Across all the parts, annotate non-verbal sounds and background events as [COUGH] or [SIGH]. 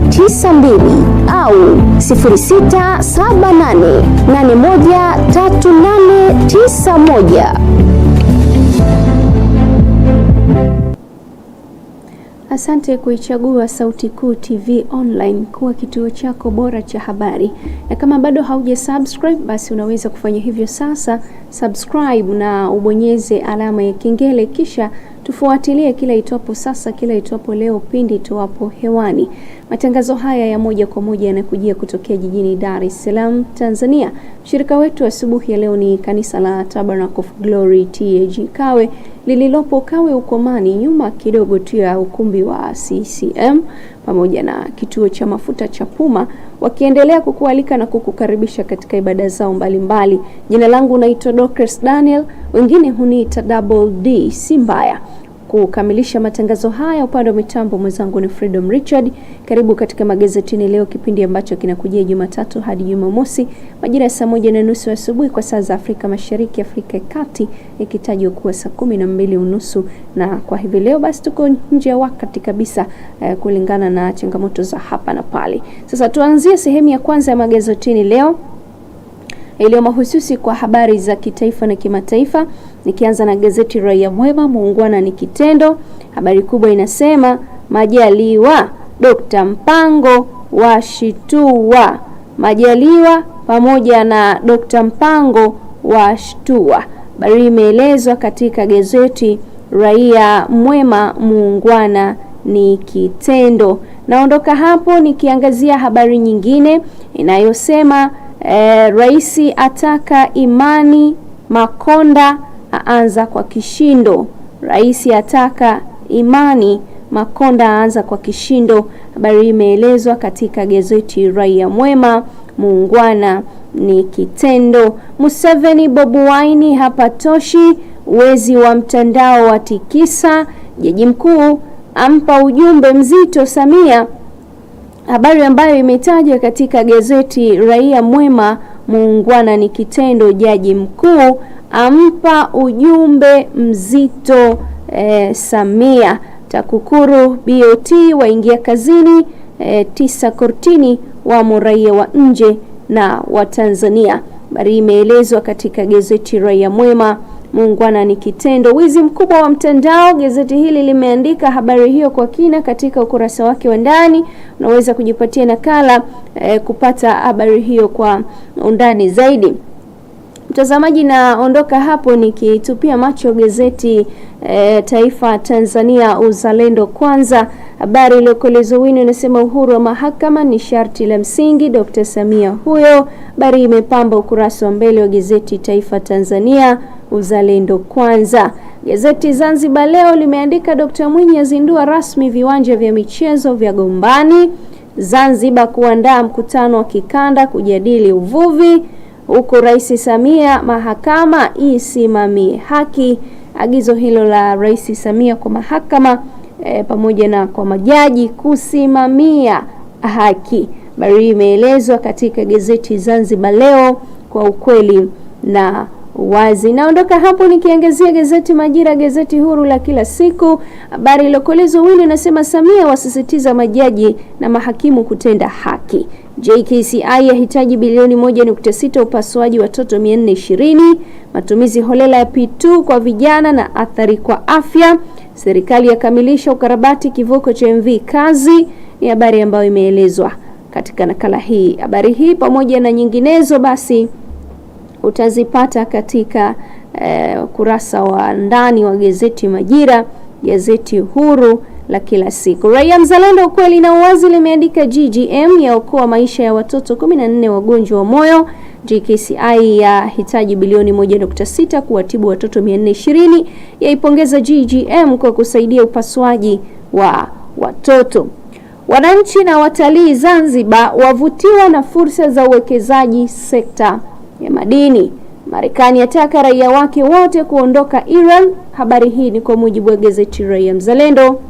92 au 0678813891. Asante kuichagua Sauti Kuu TV Online kuwa kituo chako bora cha habari, na kama bado hauja subscribe, basi unaweza kufanya hivyo sasa. Subscribe na ubonyeze alama ya kengele, kisha tufuatilie kila itwapo sasa, kila itwapo leo, pindi tuwapo hewani. Matangazo haya ya moja kwa moja yanakujia kutokea jijini Dar es Salaam, Tanzania. Mshirika wetu asubuhi ya leo ni kanisa la Tabernacle of Glory TAG Kawe lililopo Kawe Ukomani, nyuma kidogo tu ya ukumbi wa CCM pamoja na kituo cha mafuta cha Puma, wakiendelea kukualika na kukukaribisha katika ibada zao mbalimbali. Jina langu naitwa Dorcas Daniel, wengine huniita Double D, si mbaya kukamilisha matangazo haya upande wa mitambo mwenzangu ni Freedom Richard. Karibu katika magazetini leo, kipindi ambacho kinakujia Jumatatu hadi Jumamosi majira ya saa moja na nusu asubuhi kwa saa za Afrika Mashariki, Afrika ya Kati ikitajwa kuwa saa kumi na mbili unusu na kwa hivi leo basi tuko nje ya wakati kabisa eh, kulingana na changamoto za hapa na pale. Sasa tuanzie sehemu ya kwanza ya magazetini leo iliyo mahususi kwa habari za kitaifa na kimataifa. Nikianza na gazeti Raia Mwema, muungwana ni kitendo, habari kubwa inasema Majaliwa Dkt. Mpango washitua Majaliwa pamoja na Dkt. Mpango washtua. Habari imeelezwa katika gazeti Raia Mwema, muungwana ni kitendo. Naondoka hapo nikiangazia habari nyingine inayosema eh, rais ataka imani Makonda aanza kwa kishindo. Rais ataka imani Makonda aanza kwa kishindo. Habari hii imeelezwa katika gazeti Raia Mwema. Muungwana ni kitendo. Museveni Bobi Wine toshi wezi wa mtandao wa tikisa. Jaji mkuu ampa ujumbe mzito Samia, habari ambayo imetajwa katika gazeti Raia Mwema. Muungwana ni kitendo. Jaji mkuu ampa ujumbe mzito e, Samia. TAKUKURU BOT waingia kazini e, tisa kortini wamo raia wa nje na wa Tanzania. Habari imeelezwa katika gazeti Raia Mwema. Muungwana ni kitendo. Wizi mkubwa wa mtandao. Gazeti hili limeandika habari hiyo kwa kina katika ukurasa wake wa ndani. Unaweza kujipatia nakala e, kupata habari hiyo kwa undani zaidi. Mtazamaji, naondoka hapo nikitupia macho gazeti e, Taifa Tanzania Uzalendo Kwanza. Habari iliyokolezwa wino inasema uhuru wa mahakama ni sharti la msingi, Dr. Samia huyo. Habari imepamba ukurasa wa mbele wa gazeti Taifa Tanzania Uzalendo Kwanza. Gazeti Zanzibar Leo limeandika Dr. Mwinyi azindua rasmi viwanja vya michezo vya Gombani. Zanzibar kuandaa mkutano wa kikanda kujadili uvuvi huku Rais Samia mahakama isimamie haki. Agizo hilo la Rais Samia kwa mahakama e, pamoja na kwa majaji kusimamia haki. Habari imeelezwa katika gazeti Zanzibar Leo kwa ukweli na wazi. Naondoka hapo nikiangazia gazeti Majira, gazeti huru la kila siku. Habari iliyokolezwa wili inasema Samia wasisitiza majaji na mahakimu kutenda haki. JKCI yahitaji bilioni 1.6 upasuaji watoto 420, matumizi holela ya P2 kwa vijana na athari kwa afya. Serikali yakamilisha ukarabati kivuko cha MV Kazi, ni habari ambayo imeelezwa katika nakala hii. Habari hii pamoja na nyinginezo basi utazipata katika eh, kurasa wa ndani wa gazeti Majira, gazeti huru la kila siku. Raia Mzalendo, ukweli na uwazi, limeandika GGM yaokoa maisha ya watoto 14 wagonjwa wa moyo. JKCI ya hitaji bilioni 1.6 kuwatibu watoto 420, yaipongeza GGM kwa kusaidia upasuaji wa watoto. Wananchi na watalii Zanzibar wavutiwa na fursa za uwekezaji sekta ya madini. Marekani yataka raia wake wote kuondoka Iran. Habari hii ni kwa mujibu wa gazeti Raia Mzalendo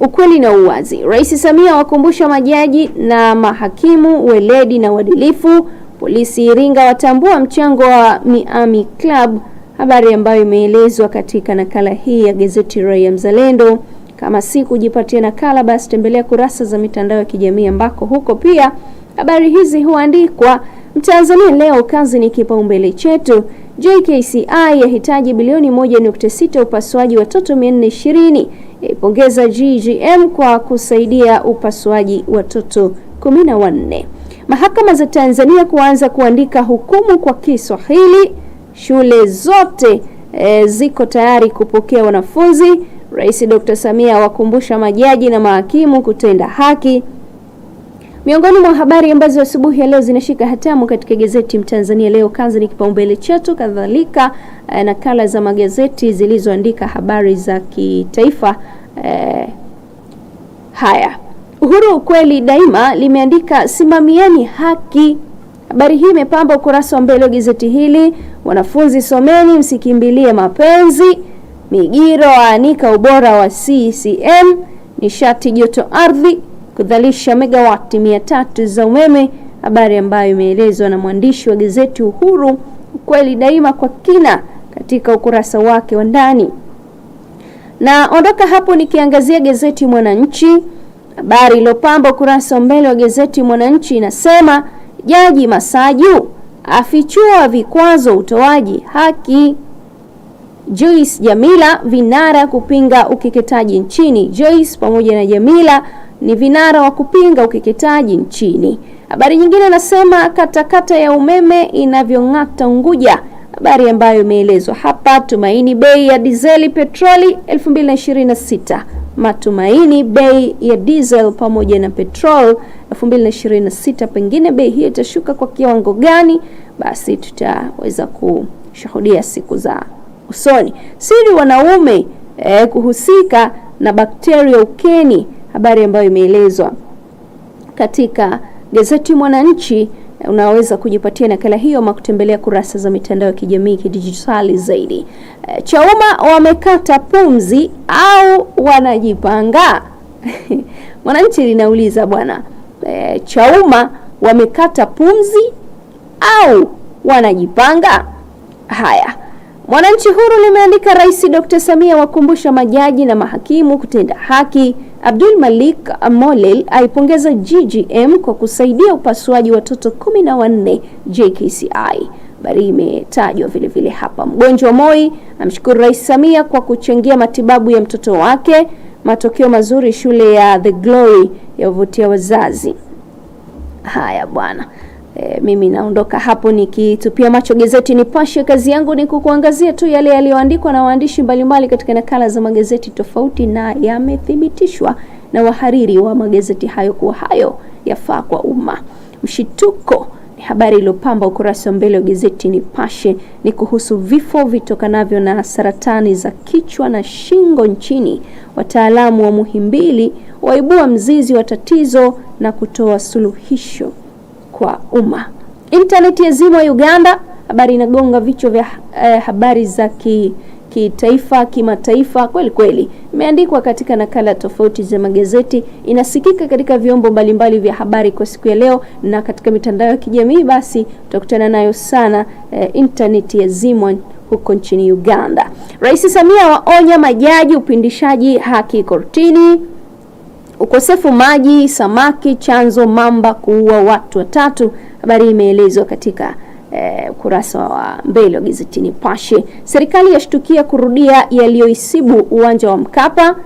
ukweli na uwazi. Rais Samia wakumbusha majaji na mahakimu weledi na uadilifu. Polisi Iringa watambua mchango wa Miami Club, habari ambayo imeelezwa katika nakala hii ya gazeti Raia Mzalendo. Kama si kujipatia nakala, basi tembelea kurasa za mitandao ya kijamii ambako huko pia habari hizi huandikwa. Mtanzania leo, kazi ni kipaumbele chetu. JKCI yahitaji bilioni 1.6 upasuaji watoto 420, yaipongeza GGM kwa kusaidia upasuaji watoto 14. Mahakama za Tanzania kuanza kuandika hukumu kwa Kiswahili. Shule zote e, ziko tayari kupokea wanafunzi. Rais Dr. Samia awakumbusha majaji na mahakimu kutenda haki. Miongoni mwa habari ambazo asubuhi ya leo zinashika hatamu katika gazeti Mtanzania leo, kanza ni kipaumbele chetu, kadhalika eh, nakala za magazeti zilizoandika habari za kitaifa. Eh, haya Uhuru ukweli daima limeandika simamieni haki. Habari hii imepamba ukurasa wa mbele wa gazeti hili. Wanafunzi someni, msikimbilie mapenzi. Migiro waanika ubora wa CCM. Nishati joto ardhi kuzalisha megawati mia tatu za umeme, habari ambayo imeelezwa na mwandishi wa gazeti Uhuru ukweli daima kwa kina katika ukurasa wake wa ndani. Na ondoka hapo nikiangazia gazeti Mwananchi. Habari iliyopamba ukurasa wa mbele wa gazeti Mwananchi inasema Jaji Masaju afichua vikwazo utoaji haki. Joyce Jamila vinara kupinga ukeketaji nchini. Joyce pamoja na Jamila ni vinara wa kupinga ukeketaji nchini. Habari nyingine nasema katakata ya umeme inavyong'ata Unguja, habari ambayo imeelezwa hapa. Tumaini bei ya dizeli petroli 2026 matumaini bei ya diesel pamoja na petrol 2026, pengine bei hiyo itashuka kwa kiwango gani? Basi tutaweza kushuhudia siku za usoni. Siri wanaume eh, kuhusika na bakteria ukeni habari ambayo imeelezwa katika gazeti Mwananchi. Eh, unaweza kujipatia nakala hiyo ama kutembelea kurasa za mitandao ya kijamii kidijitali zaidi. Eh, Chauma wamekata pumzi au wanajipanga? [LAUGHS] Mwananchi linauliza bwana, e, Chauma wamekata pumzi au wanajipanga? Haya, Mwananchi huru limeandika Rais Dr. Samia wakumbusha majaji na mahakimu kutenda haki Abdul Malik molel aipongeza GGM kwa kusaidia upasuaji watoto kumi na wanne JKCI. Habari imetajwa vile vile hapa. Mgonjwa Moi amshukuru Rais Samia kwa kuchangia matibabu ya mtoto wake. Matokeo mazuri shule ya The Glory yavutia wazazi. Haya bwana. E, mimi naondoka hapo nikitupia macho gazeti Nipashe. Kazi yangu ni kukuangazia tu yale yaliyoandikwa na waandishi mbalimbali katika nakala za magazeti tofauti, na yamethibitishwa na wahariri wa magazeti hayo kuwa hayo yafaa kwa umma. Mshituko ni habari iliyopamba ukurasa wa mbele wa gazeti Nipashe, ni kuhusu vifo vitokanavyo na saratani za kichwa na shingo nchini. Wataalamu wa Muhimbili waibua mzizi wa tatizo na kutoa suluhisho kwa umma. Intaneti ya zimwa Uganda, habari inagonga vichwa vya eh, habari za ki kitaifa kimataifa, kweli kweli. Imeandikwa katika nakala tofauti za magazeti, inasikika katika vyombo mbalimbali vya habari kwa siku ya leo na katika mitandao ya kijamii. Basi utakutana nayo sana eh, intaneti ya zimwa huko nchini Uganda. Rais Samia waonya majaji upindishaji haki kortini. Ukosefu maji, samaki chanzo, mamba kuua watu watatu. Habari imeelezwa katika eh, ukurasa wa mbele wa gazeti Nipashe. Serikali yashtukia kurudia yaliyoisibu uwanja wa Mkapa.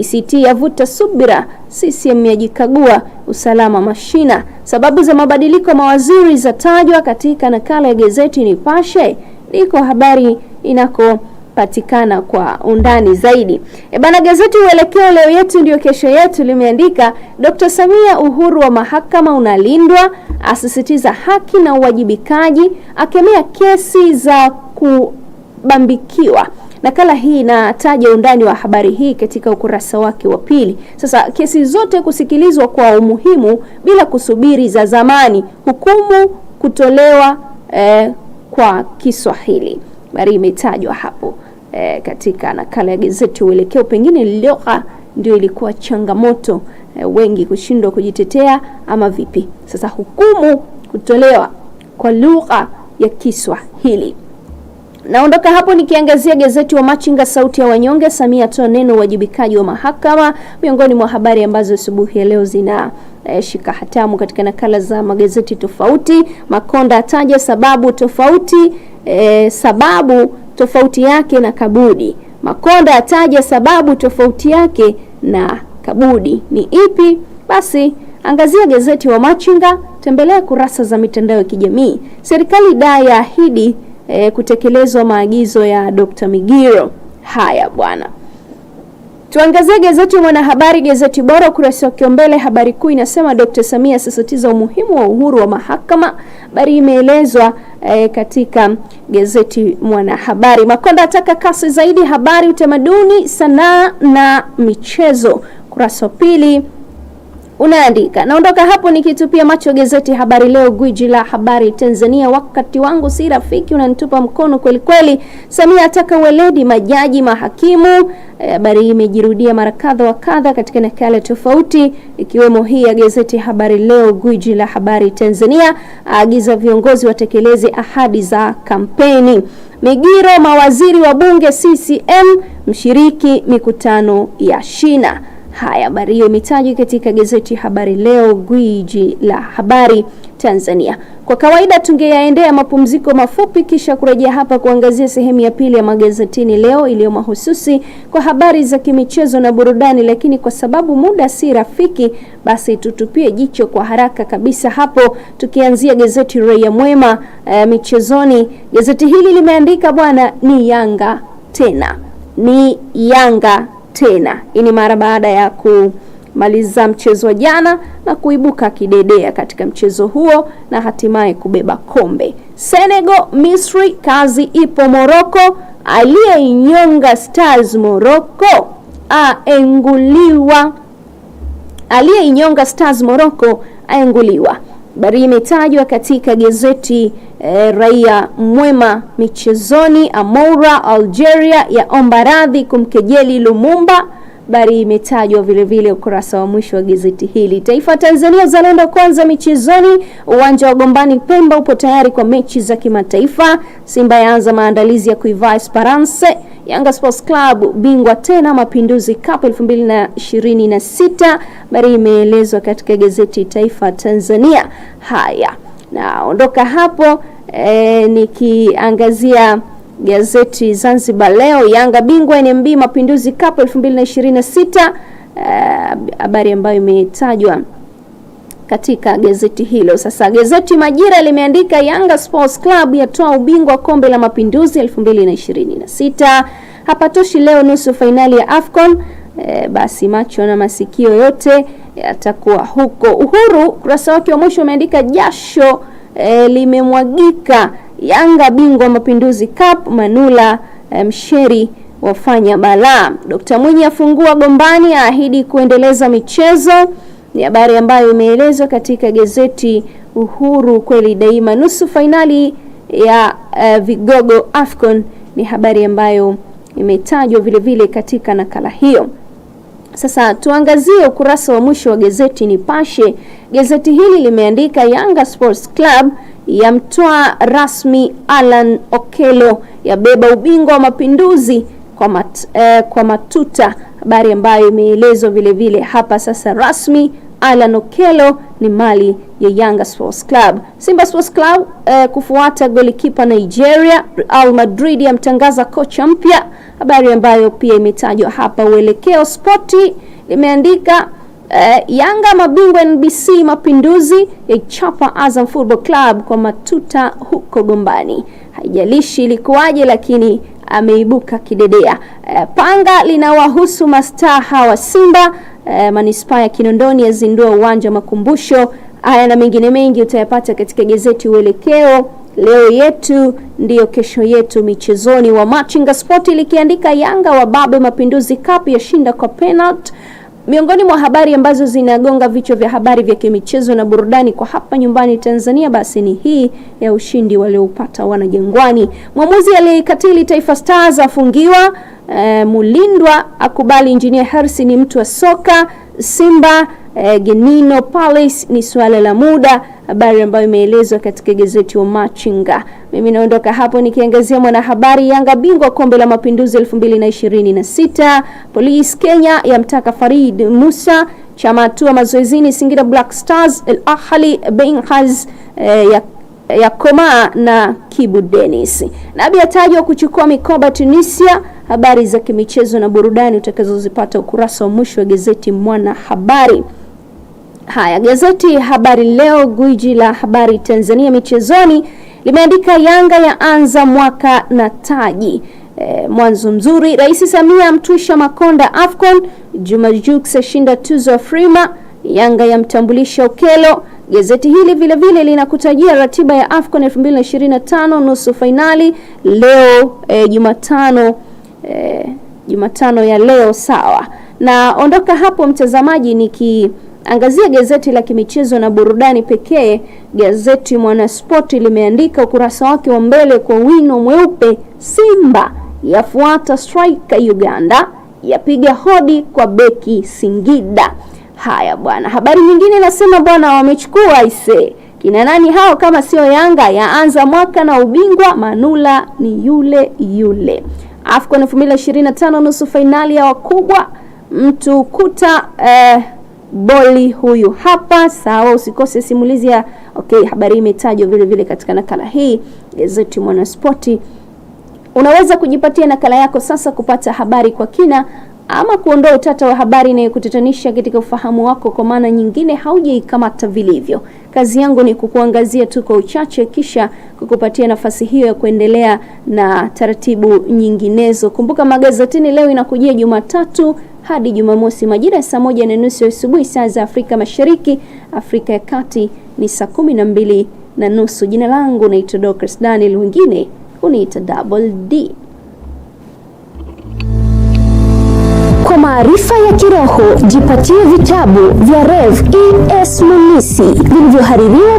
ACT yavuta subira, CCM yajikagua usalama mashina. Sababu za mabadiliko mawaziri zatajwa katika nakala ya gazeti Nipashe. Ndiko habari inako patikana kwa undani zaidi. E bana, gazeti Uelekeo, leo yetu ndio kesho yetu, limeandika Dr. Samia, uhuru wa mahakama unalindwa, asisitiza haki na uwajibikaji, akemea kesi za kubambikiwa. Nakala hii inataja undani wa habari hii katika ukurasa wake wa pili. Sasa kesi zote kusikilizwa kwa umuhimu bila kusubiri za zamani, hukumu kutolewa eh, kwa Kiswahili habari imetajwa hapo e, katika nakala ya gazeti Uelekeo. Pengine lugha ndio ilikuwa changamoto e, wengi kushindwa kujitetea ama vipi? Sasa hukumu kutolewa kwa lugha ya Kiswahili Naondoka hapo nikiangazia gazeti wa Machinga sauti ya wanyonge, Samia atoa neno uwajibikaji wa mahakama, miongoni mwa habari ambazo asubuhi ya leo zina e, shika hatamu katika nakala za magazeti tofauti. Makonda ataja sababu tofauti e, sababu tofauti yake na Kabudi. Makonda ataja sababu tofauti yake na Kabudi ni ipi? Basi angazia gazeti wa Machinga, tembelea kurasa za mitandao ya kijamii. Serikali dai yaahidi e, kutekelezwa maagizo ya Dr. Migiro. Haya bwana, tuangazie gazeti Mwanahabari, gazeti bora, ukurasa wa mbele. Habari kuu inasema Dr. Samia asisitiza umuhimu wa uhuru wa mahakama. Habari imeelezwa e, katika gazeti Mwanahabari. Makonda ataka kasi zaidi habari, utamaduni, sanaa na michezo, ukurasa pili unaandika naondoka hapo nikitupia macho gazeti Habari Leo, gwiji la habari Tanzania. Wakati wangu si rafiki, unanitupa mkono kweli kweli. Samia ataka weledi majaji mahakimu. Eh, habari hii imejirudia mara kadha wa kadha katika nakala tofauti, ikiwemo hii ya gazeti Habari Leo, gwiji la habari Tanzania. Aagiza viongozi watekeleze ahadi za kampeni. Migiro, mawaziri wa bunge CCM mshiriki mikutano ya shina Haya, habari hiyo imetajwa katika gazeti Habari Leo, gwiji la habari Tanzania. Kwa kawaida tungeyaendea mapumziko mafupi kisha kurejea hapa kuangazia sehemu ya pili ya magazetini leo iliyo mahususi kwa habari za kimichezo na burudani, lakini kwa sababu muda si rafiki, basi tutupie jicho kwa haraka kabisa hapo, tukianzia gazeti Raia Mwema. E, michezoni, gazeti hili limeandika bwana, ni Yanga tena, ni Yanga tena. Hii ni mara baada ya kumaliza mchezo wa jana na kuibuka kidedea katika mchezo huo na hatimaye kubeba kombe. Senegal, Misri, kazi ipo Morocco. Aliyeinyonga Stars Morocco aenguliwa. Aliyeinyonga Stars Morocco aenguliwa. Habari imetajwa katika gazeti eh, Raia Mwema. Michezoni, Amoura Algeria yaomba radhi kumkejeli Lumumba. Habari imetajwa vile vile ukurasa wa mwisho wa gazeti hili. Taifa Tanzania Uzalendo Kwanza michezoni, uwanja wa Gombani Pemba upo tayari kwa mechi za kimataifa. Simba yaanza maandalizi ya kuivaa Esperance Yanga Sports Club bingwa tena Mapinduzi Cup 2026, habari imeelezwa katika gazeti Taifa Tanzania. Haya, naondoka hapo e, nikiangazia gazeti Zanzibar Leo, Yanga bingwa NMB Mapinduzi Cup 2026, eh, habari ambayo imetajwa katika gazeti hilo. Sasa gazeti Majira limeandika Yanga Sports Club yatoa ubingwa kombe la mapinduzi 2026. Hapatoshi leo nusu fainali ya Afcon. E, basi macho na masikio yote yatakuwa huko. Uhuru ukurasa wake wa mwisho umeandika jasho e, limemwagika Yanga bingwa mapinduzi cup. Manula e, Msheri wafanya balaa. Dkt Mwinyi afungua gombani, aahidi kuendeleza michezo ni habari ambayo imeelezwa katika gazeti Uhuru kweli daima. Nusu fainali ya uh, vigogo Afcon ni habari ambayo imetajwa vile vile katika nakala hiyo. Sasa tuangazie ukurasa wa mwisho wa gazeti Nipashe. Gazeti hili limeandika Yanga Sports Club yamtoa rasmi Alan Okelo, yabeba ubingwa wa mapinduzi kwa, mat, eh, kwa matuta habari ambayo imeelezwa vilevile hapa sasa rasmi. Alan Okello ni mali ya Yanga Sports Club. Simba Sports Club eh, kufuata golikipa Nigeria. Real Madrid yamtangaza kocha mpya, habari ambayo pia imetajwa hapa. Uelekeo Spoti limeandika eh, Yanga mabingwa NBC Mapinduzi yaichapa Azam Football Club kwa matuta huko Gombani. Haijalishi ilikuwaje, lakini ameibuka kidedea. E, panga linawahusu mastaha wa Simba. E, manispaa ya Kinondoni yazindua uwanja wa makumbusho. Haya na mengine mengi utayapata katika gazeti Uelekeo, leo yetu ndiyo kesho yetu. Michezoni, wa Machinga Sport likiandika Yanga wababe Mapinduzi, kapu yashinda kwa penalti. Miongoni mwa habari ambazo zinagonga vichwa vya habari vya kimichezo na burudani kwa hapa nyumbani Tanzania, basi ni hii ya ushindi walioupata wanajangwani. Mwamuzi aliyekatili Taifa Stars afungiwa. E, Mulindwa akubali injinia Hersi ni mtu wa soka Simba eh, Genino Palace ni suala la muda, habari ambayo imeelezwa katika gazeti wa Machinga. Mimi naondoka hapo nikiangazia mwanahabari Yanga bingwa kombe la mapinduzi 2026. Polisi Kenya yamtaka Farid Musa chama hatua mazoezini. Singida Black Stars Al Ahli Benghaz eh, ya ya Koma na Kibu Dennis. Nabi atajwa kuchukua mikoba Tunisia. Habari za kimichezo na burudani utakazozipata ukurasa wa mwisho wa gazeti Mwanahabari. Haya, gazeti Habari Leo, gwiji la habari Tanzania michezoni, limeandika Yanga ya anza mwaka na taji e, mwanzo mzuri. Rais Samia amtusha Makonda Afcon. Juma Jux ashinda tuzo Frima. Yanga yamtambulisha Ukelo. Gazeti hili vile vile linakutajia ratiba ya Afcon 2025 nusu fainali leo e, Jumatano e, Jumatano ya leo sawa. Na ondoka hapo mtazamaji, niki Angazia gazeti la kimichezo na burudani pekee. Gazeti Mwanaspoti limeandika ukurasa wake wa mbele kwa wino mweupe, Simba yafuata striker Uganda, yapiga hodi kwa beki Singida. Haya bwana, habari nyingine nasema bwana, wamechukua ise kina nani hao kama sio Yanga? Yaanza mwaka na ubingwa, Manula ni yule yule. AFCON 2025 nusu fainali ya wakubwa mtu kuta eh, boli huyu hapa sawa. Usikose simulizi ya okay. Habari imetajwa vile vile katika nakala hii gazeti Mwanaspoti. Unaweza kujipatia nakala yako sasa, kupata habari kwa kina ama kuondoa utata wa habari inayokutatanisha katika ufahamu wako. Kwa maana nyingine, haujaikamata vilivyo. Kazi yangu ni kukuangazia tu kwa uchache, kisha kukupatia nafasi hiyo ya kuendelea na taratibu nyinginezo. Kumbuka magazetini leo inakujia Jumatatu hadi Jumamosi majira saa moja na nusu asubuhi saa za Afrika Mashariki, Afrika ya Kati ni saa kumi na mbili na nusu. Jina langu naitwa Dorcas Daniel, wengine huniita Double D. Kwa maarifa ya kiroho jipatie vitabu vya Rev ES Munisi vilivyohaririwa